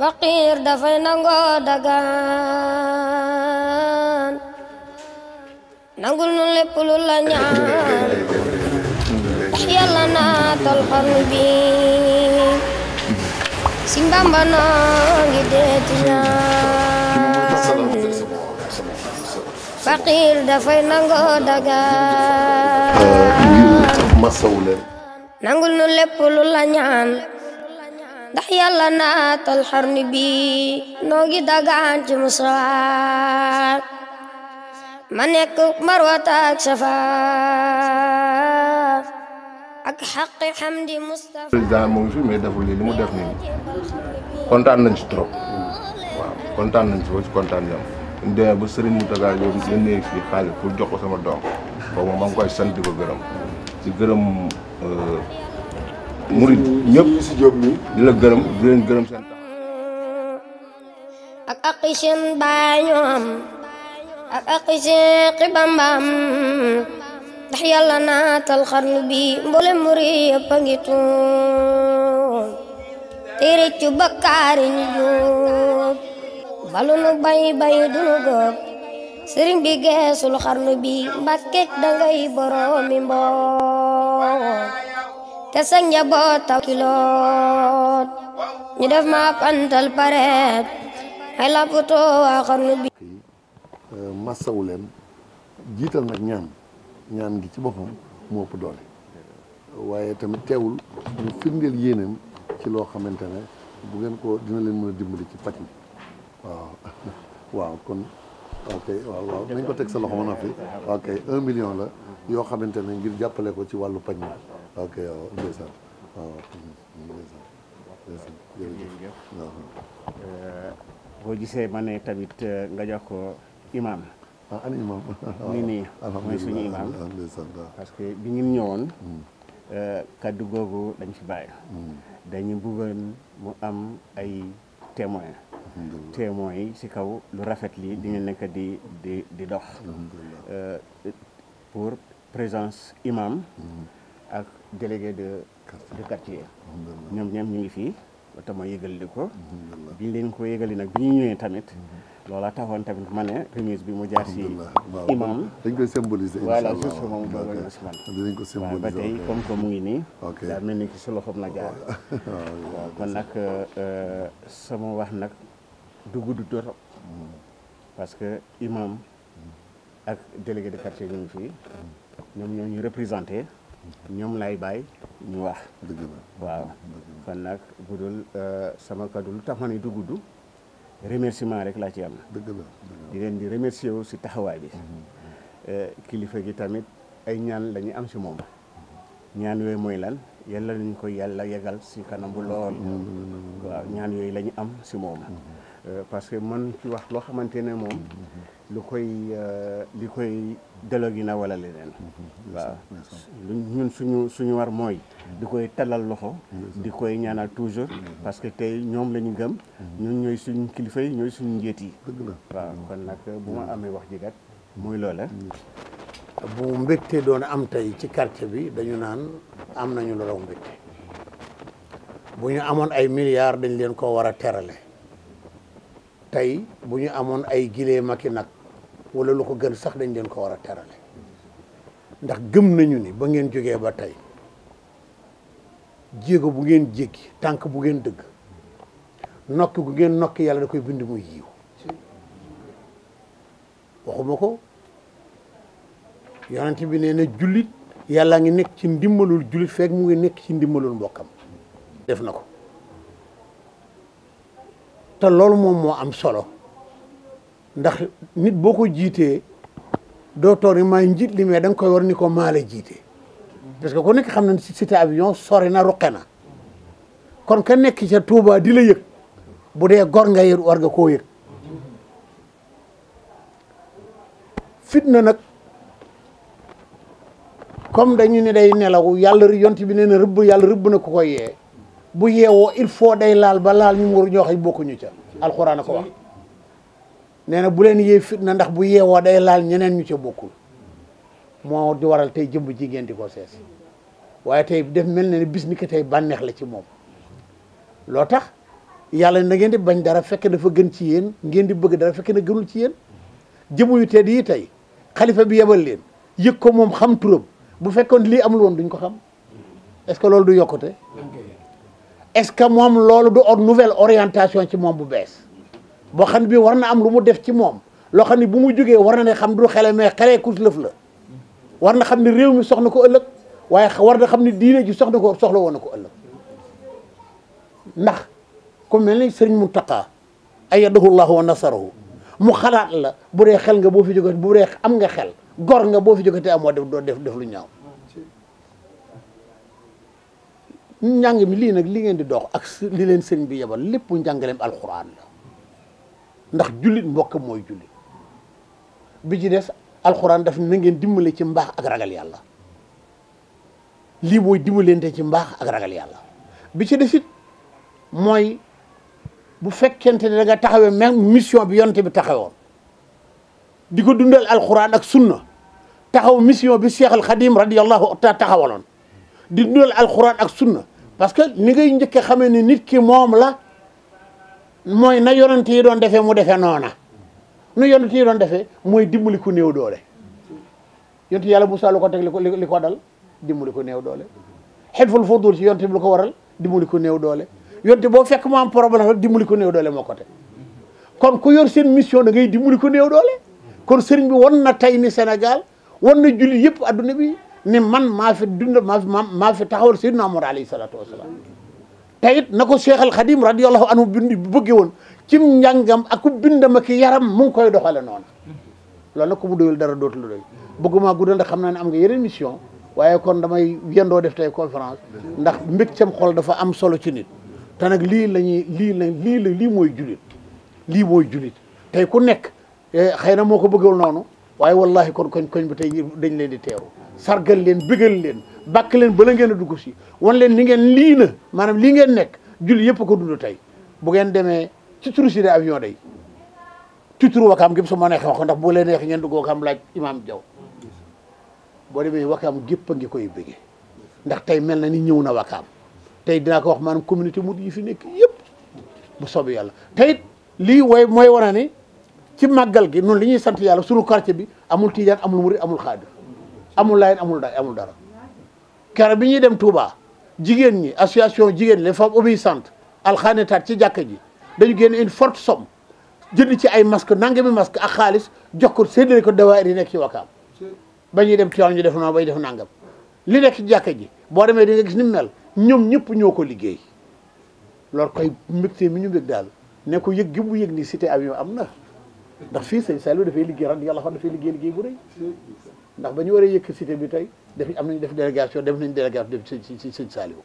faqiir dafay nangoo dagaan nangul nu lépp lu la ñaan yàlla naatal xarnu bi noo ngi deeti faqiir dafay nangoo dagaan nangul nu lépp lu ndax yàlla naatal xarnu bi noo ngi dagaan ci musawaar ma nekk marwata ak safa ak xaqi xamdi mu ngi fi mais li mu def nii kontaan nañ ci trop kontaan nañ ci ba ci kontaan ñoom ñu demee ba Serigne Moutaga yow yónnee fii xaalis pour jox sama doom boobu moom maa ngi koy sant gërëm ci gërëm euh, murit ñëpp si Jóob mi ak ak seen baay ñoo ak ak seen xibambaam ndax yàlla naatal xarnu bi mboolem murit yëpp ngi tuub tey rëccu bakkaari ñu jóob balu nu bay du nu góob sëriñ bi geesul xarnu bi mbàkket dangay boroomi mboo te sa njaboot taw kiloot ñu def ma pantal pareet ay lappatoo waa xarnu bi euh, massawu leen jiital nag ñaan ñaan gi ci boppam moo ëpp doole waaye tamit teewul ñu firndeel yéeneem ci loo xamante ne bu ngeen ko dina leen mën a dimbali ci pàcc bi waaw waaw kon ok waaw waaw nañ ko teg sa loxo mën a fi ok un million la yoo xamante ne ngir jàppale ko ci wàllu paj mi Oh, oh, boo gisee ma ne tamit eh, nga jox ko imaam ah nii mooy suñu imaam parce que bi ñu ñëwoon hmm. eh, kaddu googu dañ fi bàyyi hmm. dañu bëggoon mu am ay témoin témoin yi si kaw lu rafet li di ñu hmm. nekk di di di dox eh, pour présence imam ak délégué de quartier ñoom ñoom ñu ngi fii te ma yëgal li ko biñ leen ko yëgali nag bi ñu ñëwee tamit loola taxoon tamit ma ne remise bi mu jaar si imam dañ koy symboliser voilà juste moom dogal Ousmane ko symboliser ba comme mu ngi nii daa mel ni ci su loxoom la jaar waaw kon nag euh, sama wax nag du gudd trop parce que imam ak délégué de quartier ñu ngi fii ñoom ñoo ñu représenté ñoom lay bàyyi ñu wax. dëgg waaw kon nag bu eh, sama kaddu lu tax ma ne du gudd remerciement rek laa ci am. dëgg di leen di remercier wu si taxawaay bi. Mm-hmm. Eh, kilifa gi tamit ay ñaan la am si moom. ñaan wee mooy lan yàlla nañu ko yàlla yeggal si kanam bu lool. waaw ñaan yooyu la am si moom. Mm-hmm. Euh, parce que man ci wax loo xamante ne moom lu koy euh, li koy delloo na wala leneen mm-hmm. waaw ñun suñu suñu war mooy di koy talal loxo mm-hmm. di koy ñaanal toujours mm-hmm. parce que tey ñoom la ñu gëm ñun ñooy suñu kilifa yi ñooy suñu njiit yi waaw kon nag bu ma amee wax jigat muy loole bu mbégte doon am tey ci quartier bi dañu naan am nañu lu raw mbégte bu ñu amoon ay milliards dañ leen ko war a terale tey bu ñu amoon ay gilee maki nag wala lu ko gën sax dañ leen ko war a terale ndax gëm nañu ni ba ngeen jógee ba tey jéego bu ngeen jéggi tànk bu ngeen dëgg nokk gu ngeen nokk yàlla da koy bind mu yiw waxuma ko yonent bi nee na jullit yàlla ngi nekk ci ndimbalul jullit fekk mu ngi nekk ci ndimbalul mbokkam def na ko te loolu moom moo am solo ndax nit boo ko jiitee doo toog ni njiit li mais da koy war ni ko maa la parce que ku nekk xam na si cité avion sori na ruqe na kon ka nekk ca Touba di la yëg bu dee gor nga yëg war nga koo yëg fitna nag comme dañu ne day nelaw yàlla yont bi nee na rëbb yàlla rëbb na ko koy yee bu yeewoo il faut day laal ba laal ñu waru ñoo xëy bokkuñu ca alxuraan a ko wax nee na bu leen yee fitna ndax bu yeewoo day laal ñeneen ñu ca bokkul moo di waral tey jëmb jigéen di ko sees waaye tey def mel na ne bis ni ko tey bànneex la ci moom loo tax yàlla na ngeen di bañ dara fekk dafa gën ci yéen ngeen di bëgg dara fekke na gënul ci yéen jëmm yu tedd yi tey xalifa bi yebal leen yëg ko moom xam turam bu fekkoon lii amul woon duñ ko xam est-ce que loolu du yokkute est-ce que moom loolu du or nouvelle orientation ci moom bu bees boo xam ne bii war na am lu mu def ci moom loo xam ne bu mu jógee war na ne xam du xele mais xelee kus lëf la war na xam ne réew mi soxna ko ëllëg waaye war na xam ne diine ji soxna ko soxla woon na ko ëllëg ndax ku mel ni sëriñ mu taqaa Mountakha ayyadahu llahu wa nasarahu mu xalaat la bu dee xel nga boo fi jógee bu dee am nga xel gor nga boo fi jógatee amoo def doo def def lu ñaaw njàng mi lii nag li ngeen di dox ak li leen sëriñ bi yebal lépp njàngaleem alxuraan la ndax jullit mbokk mooy jullit bi ci des alxuraan daf na ngeen dimbale ci mbaax ak ragal yàlla lii mooy dimbalante ci mbaax ak ragal yàlla bi ci des mooy bu fekkente ne daga taxawee même mission bi yonte bi taxawoon di ko dundal alxuraan ak sunna taxaw mission bi Cheikh al Xadim radiyallahu ta taxawaloon di dundal alxuraan ak sunna parce que ni ngay njëkk a xamee ni nit ki moom la mooy na yonent yi doon defee mu defee noona nu yonent yi doon defee mooy dimbali ku néew doole yonent yàlla Musaa lu ko teg ko li ko dal dimbali ko néew doole xetful foo dóor ci ko waral dimbali ko néew doole yonent boo fekk mu am problème rek dimbali ko néew doole moo ko teg kon ku yor seen mission da ngay dimbali ko néew doole kon sëriñ bi won na tey ni Sénégal won na julli yëpp adduna bi ni man maa fi dund maa fi maa fi taxawal Seydina Muhammad alayhi salaatu te it na ko Cheikh Al Khadim radiyallahu anhu bind bu bëggee woon cim njàngam ak ku bindam ki yaram mu koy doxale noonu loolu nag ku mu doyul dara dootul doy bëgguma guddal ndax xam naa ne am nga yeneen mission waaye kon damay yendoo def tey conférence ndax mbégteem xol dafa am solo ci nit te nag lii lañuy lii la lii lii mooy julit lii mooy julit tey ku nekk eh, xëy na moo ko bëggul noonu waaye wallahi kon koñ koñ bi tey dañ leen di teeru sargal leen bégal leen bàkk leen bala ngeen a dugg si wan leen ni ngeen lii na maanaam lii ngeen nekk julli yëpp ko dund tey bu ngeen demee ci turu si de avion day ci turu wakaam gépp su ma neexee ndax bu leen neexee ngeen dugg wakaam laaj imaam Jaw boo demee wakaam gépp a ngi koy bége ndax tey mel na ni ñëw na wakaam tey dinaa ko wax maanaam communauté mu yi fi nekk yépp bu soobee yàlla tey lii way mooy wane ci màggal gi noonu li ñuy sant yàlla suru quartier bi amul tijaan amul murid amul xaadir amul layen amul daay amul dara kere bi ñuy dem Touba jigéen ñi association jigéen les femmes obéissantes alxaanetaat ci jàkka ji dañu génn une forte somme jënd ci ay masque nangami masque ak xaalis jox ko séddale ko dawaayir yi nekk ci wakaam ba ñuy dem Tiwaawan ñu def noonu bay def nangam li nekk ci jàkka ji boo demee di nga gis ni mu mel ñoom ñëpp ñoo ko liggéey loolu koy mbégte mi ñu mbég daal ne ko yëg gi mu yëg ni cité avion am na ndax fii sëñ Saliou dafay liggéey radiyallahu anhu dafay liggéey liggéey bu rëy ndax ba ñu war a yëkk cité bi tey daf am nañu def délégation def nañ délégation dem si si sëñ Saliou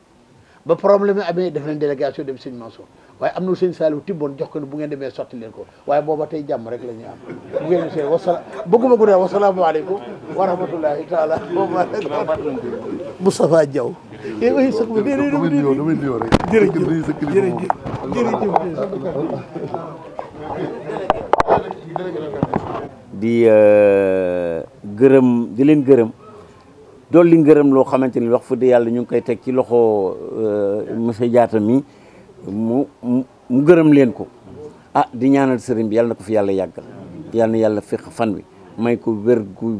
ba problème amee def nañ délégation dem sëñ Mansour waaye am na sëñ Saliou tibboon jox ko ne bu ngeen demee sotti leen ko waaye booba tey jàmm rek la ñuy am bu ngeen see wasala bëgguma ko ne wasalaamaaleykum wa rahmatullahi taala Moustapha Diaw eh oui sëñ bi déedéet déedéet jërëjëf jërëjëf jërëjëf di euh, gërëm di leen gërëm dolli gërëm loo xamante ni wax fudd yàlla ñu ngi koy teg ci loxo euh, monsieur Diatta mi mu mu gërëm leen ko ah di ñaanal sëriñ bi yàlla na ko fi yàlla yàggal yàlla yàlla fiq fan wi may ko wér gu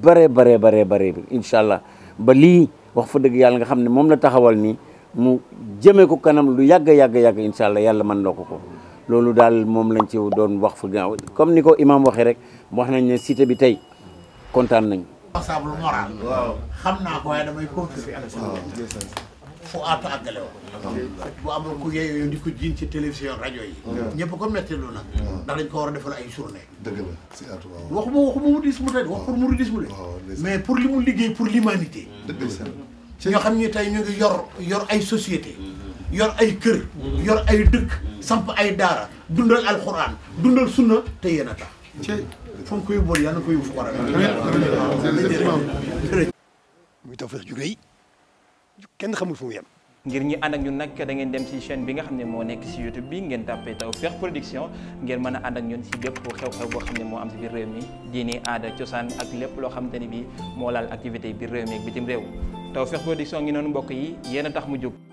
bare bare bare bi incha allah ba lii wax fa dëgg yàlla nga xam ne moom la taxawal nii mu jëmee ko kanam lu yàgg yàgg yàgg incha yàlla mën loo ko ko loolu daal moom lañ ci doon wax fu gaaw comme ni ko imam waxee rek wax nañ ne cité bi tey kontaan nañ responsable moral xam naa ko waaye damay confirmer ak fu aatu àggale wo bu amul ku yeeyoo di ko jiin ci télévision rajo yi ñëpp ko mettilu nag ndax dañ ko war a defal ay journée dëgg la si aatu waaw waxuma waxuma tey wax pour mouridisme de mais pour li mu liggéey pour l'humanité ñoo xam ne tey ñu ngi yor yor ay société mm-hmm. yor ay kër mm-hmm. yor ay dëkk samp ay daara dundal alxuraan dundal sunna te yéen a tax fa nga ko yóbbuwoon kenn xamul fu mu yem ngir ñu ànd ak ñun nag da ngeen dem ci chaîne bi nga xam ne moo nekk ci YouTube bi ngeen tàppee Tawfekh Production ngeen mën a ànd ak ñun ci bépp xew-xew boo xam ne moo am ci biir réew mi diini aada cosaan ak lépp loo xamante ni bi moo laal activité biir réew mi ak bitim réew Tawfekh Production ngi noonu mbokk yi yéen a tax mu jóg